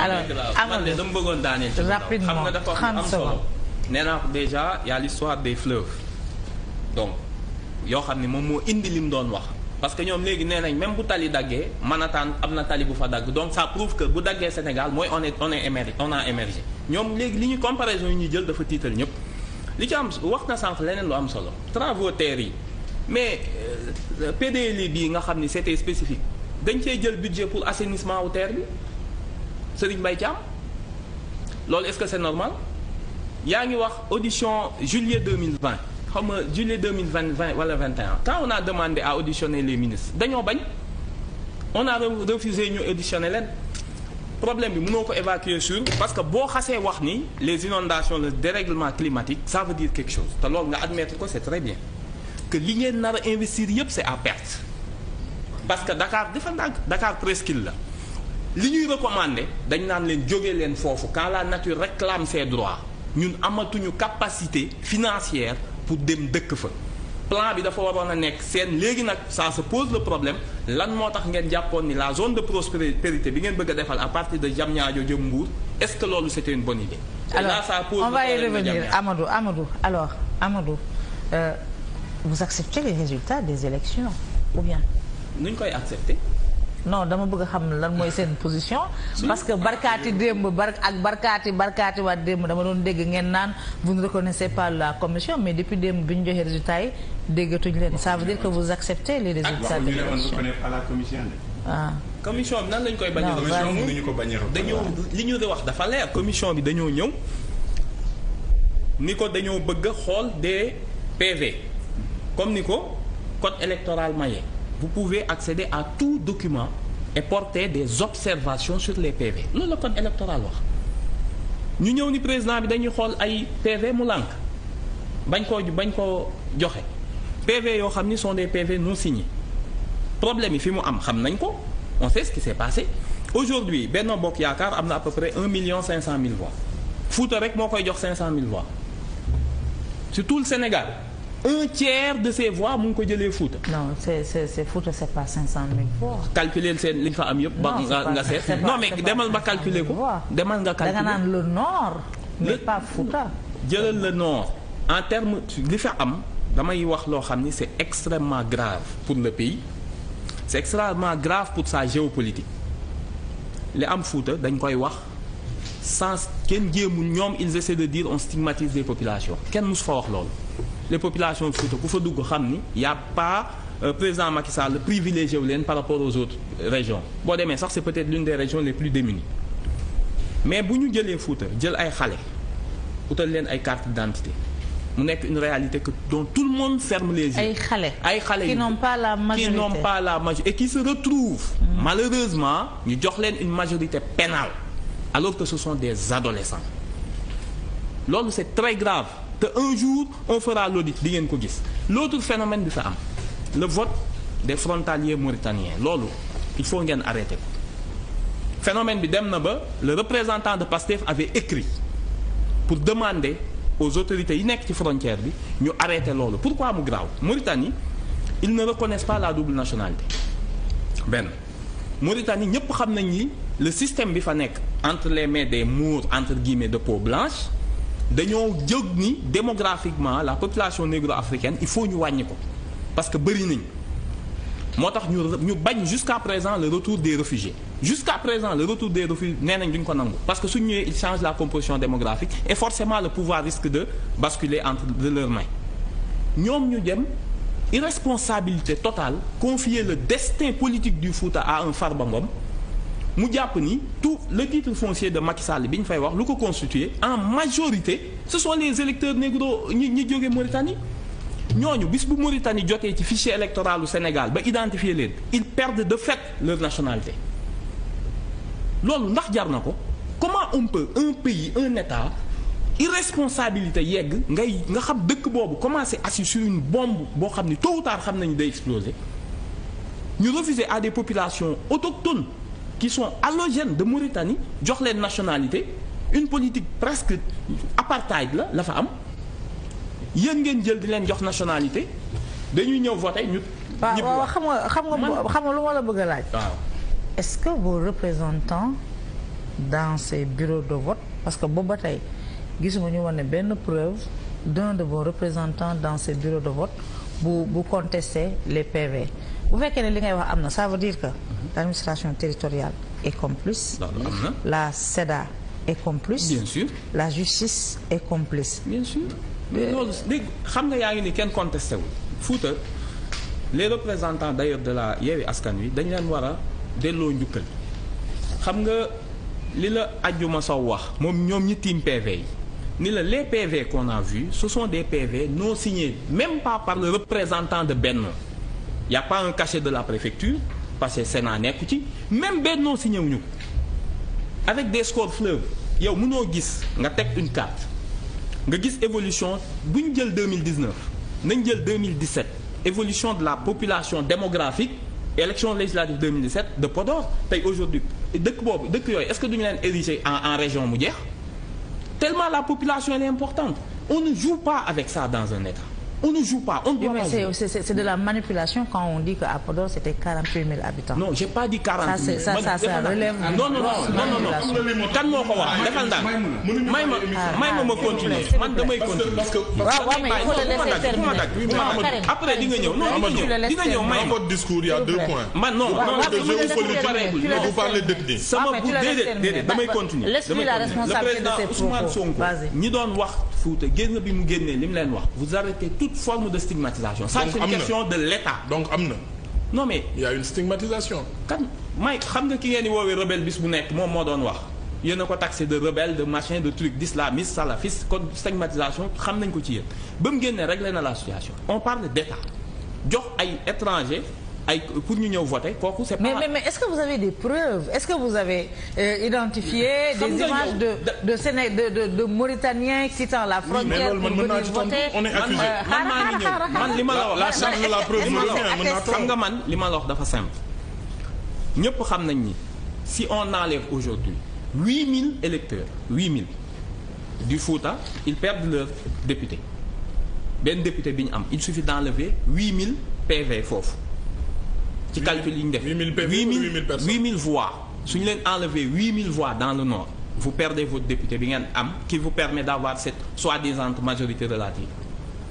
alors amal de dama bëggoon daaneel ci xam nga dafa am solo nee naa ko déjà y a l'histoire des fleurs. donc yoo xam ne moom moo indi li mu doon wax parce que ñoom léegi nee même bu tali daggee Manhattan am na tali bu fa dagg donc ça prouve que bu daggee Sénégal mooy on est on est émergé on a émergé ñoom léegi li ñu comparaison yi ñuy jël dafa tiital ñëpp li ci am wax na sànq leneen lu am solo travaux terre yi mais euh, PDL bii nga xam ni c'était spécifique dañ cee jël budget pour assainissement wu terre Serigne une est-ce que c'est normal yaa ngi wax audition juillet 2020 xam nga juillet 2020 wala 21 quand on a demandé à auditionner les ministres bañ on a refusé ñu auditionner Le problème bi mënoko évacuer sur parce que bo on wax ni les inondations le dérèglement climatique ça veut dire quelque chose te loolu nga admettre ko c'est très bien que li ngeen nar investir c'est à perte parce que Dakar dafa ndànk Dakar là. la li ñuy recommander dañ naan leen jóge quand la nature réclame ses droits ñun amatuñu capacité financière pour dem dëkk fa plan bi dafa waroon a nekk ça se pose le problème L'année moo ngeen ni la zone de prospérité bi ngeen bëgg à partir de Diamniadio jëm est-ce que loolu c'était une bonne idée. alors là, ça pose on va y revenir Amadou Amadou alors Amadou euh, vous acceptez les résultats des élections ou bien. nu ñu koy accepter non dama bëgg xam lan position. parce que ak vous ne reconnaissez pas la commission mais depuis résultats ça veut dire que vous acceptez les ah, résultats de commission ah. commission nan lañ koy a. dañu li wax dafa leer commission bi bëgg des PV comme code électoral maye vous pouvez accéder à tout document et porter des observations sur les PV Nous le code électoral wax ñu nous président bi dañuy xool ay PV mu lànk bañ PV sont des PV non signés problème yi fi mu am xam on sait ce qui s'est passé aujourd'hui Benno Bokk a à peu près 1 million 000 voix Fouta rek moi, il jox cinq cent voix C'est tout le Sénégal un tiers de ces voix ne que ko les foutre. non c'est c'est Fouta c'est pas 000 voix. calculer c'est li nga fa am nga non mais demande nga calculer ko. demal nga calculer da le nord. mais pas foutu. le nord en termes... li fa am c'est extrêmement grave pour le pays c'est extrêmement grave pour sa géopolitique Les li am d'un dañ koy wax sans kenn ils essaient de dire on stigmatise les populations Qu'est-ce fa wax les populations Fouta ku fa a pas euh, président Macky Sall privilégié wu par rapport aux autres euh, régions Bon, demain, ça c'est peut-être l'une des régions les plus démunies mais si ñu jëlee Fouta jël ay xale utal leen ay carte d'identité. identité mu nekk une réalité que dont tout le monde ferme les yeux. ay qui n'ont pas la majorité qui n'ont pas la majorité et qui se retrouvent mm. malheureusement ñu jox une majorité pénale alors que ce sont des adolescents L'homme, c'est très grave te un jour on fera l'audit l'autre phénomène de ça, le vote des frontaliers mauritaniens Lolo, il faut qu'on arrêter phénomène bi dem le représentant de PASTEF avait écrit pour demander aux autorités inactives frontières de frontière arrêter Lolo. pourquoi mu grave Mauritanie ils ne reconnaissent pas la double nationalité Ben, Mauritanie pas xam nañ ni le système bi entre les mains des mours entre guillemets de peau blanche de démographiquement la population négro-africaine il faut nous wàññi parce que bëri nous jusqu'à présent le retour des réfugiés jusqu'à présent le retour des réfugiés parce que si nous il change la composition démographique et forcément le pouvoir risque de basculer entre leurs mains nous ñu dem irresponsabilité totale confier le destin politique du foot à un Farbangom mu tout le titre foncier de Macky Sall biñ fay wax en majorité ce sont les électeurs négro ñi ni jógee Mauritanie ñoñu bis bu Mauritanie jotee ci fichier électoral du Sénégal ba identifier ils perdent de fait leur nationalité lolu ndax jar comment on peut un pays un état irresponsabilité yegg ngay nga xam dëkk bobu commencer assis sur une bombe bo xamni tôt ou tard xam nañu day exploser ñu refuser à des populations autochtones qui sont allogènes de Mauritanie jox une nationalité une politique presque apartheid la la femme am yéen ngeen nationalité dañuy voter ñu. est-ce que vos représentants dans ces bureaux de vote parce que Bobatay, vous que gis nga ñu preuve d'un de vos représentants dans ces bureaux de vote vous bu contester les PV. Vous ça veut dire que l'administration territoriale est complice la SEDA est complice la justice est complice bien sûr mais loolu léegi nga a contesté les représentants d'ailleurs de la Yewwi Askanui, Daniel, dañ de war a delloo njukkal que nga les PV qu'on a vus, ce sont des PV non signés même pas par le représentant de Benno il n'y a pas un cachet de la préfecture, parce que c'est un écouté. Même Benno signé Avec des scores fleuves, il y a une carte. nga gis évolution bu 2019 nañ 2017 évolution de la population démographique élection législative 2017 de Podor paye aujourd'hui de est-ce que duñu est érigé en région mu tellement la population elle est importante on ne joue pas avec ça dans un État on ne joue pas, on C'est de la manipulation quand on dit qu'à c'était 48 000 habitants. Non, je n'ai pas dit 48 000. Ça, ça, ça, ah, Non, non, non, non, non. Quand je vais continue. il Parce que... le Dans votre discours, il y a deux points. Non. non. Vous parlez de deux Ça la responsabilité de ses propos. ni Fouta vous arrêtez toute forme de stigmatisation ça c'est une question de l'État donc amna. non mais il y a une stigmatisation mike may xam nga ki ngeen rebelle bis bu mode en noir, doon wax a ko taxé de rebelles de machin de truc d'islamiste salafiste kon stigmatisation xam nañ ko ci yéen réglé la situation on parle d'État jox ay étranger pour nous voter Pourquoi c'est pas. mais mais est-ce que vous avez des preuves est-ce que vous avez euh, identifié. des images de de qui de de Mauritaniens quittant la frontière. pour venir voter on est accusé euh, la charge de la preuve xam nga man sais simple. si on enlève aujourd'hui 8000 électeurs 8000 du FOTA, ils perdent leurs député Ben député il suffit d'enlever 8000 PV ci calcul yi 8 000 8000 8000 personnes voix Si vous enlevez 8 000 voix dans le nord vous perdez votre député qui vous permet d'avoir cette soi-disant majorité relative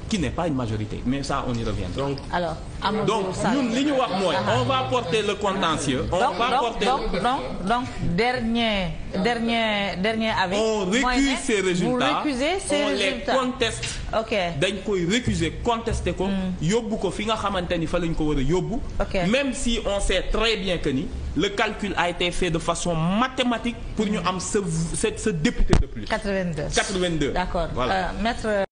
qui n'est pas une majorité. Mais ça, on y reviendra. Donc, Alors, à mon donc ça, nous, ah, ah. on va porter le contentieux. On donc, va donc, porter donc, donc, donc, dernier, dernier, dernier avis. On récuse ces résultats. Vous récusez ces on résultats. les conteste. Ok. Dañ koy récuser, contester ko. Hmm. Yobbu ko fi nga xamanteni fa lañ ko Ok. yobbu. Même si on sait très bien que ni le calcul a été fait de façon mathématique pour nous am ce, ce, député de plus. 82. 82. D'accord. Voilà. Euh, maître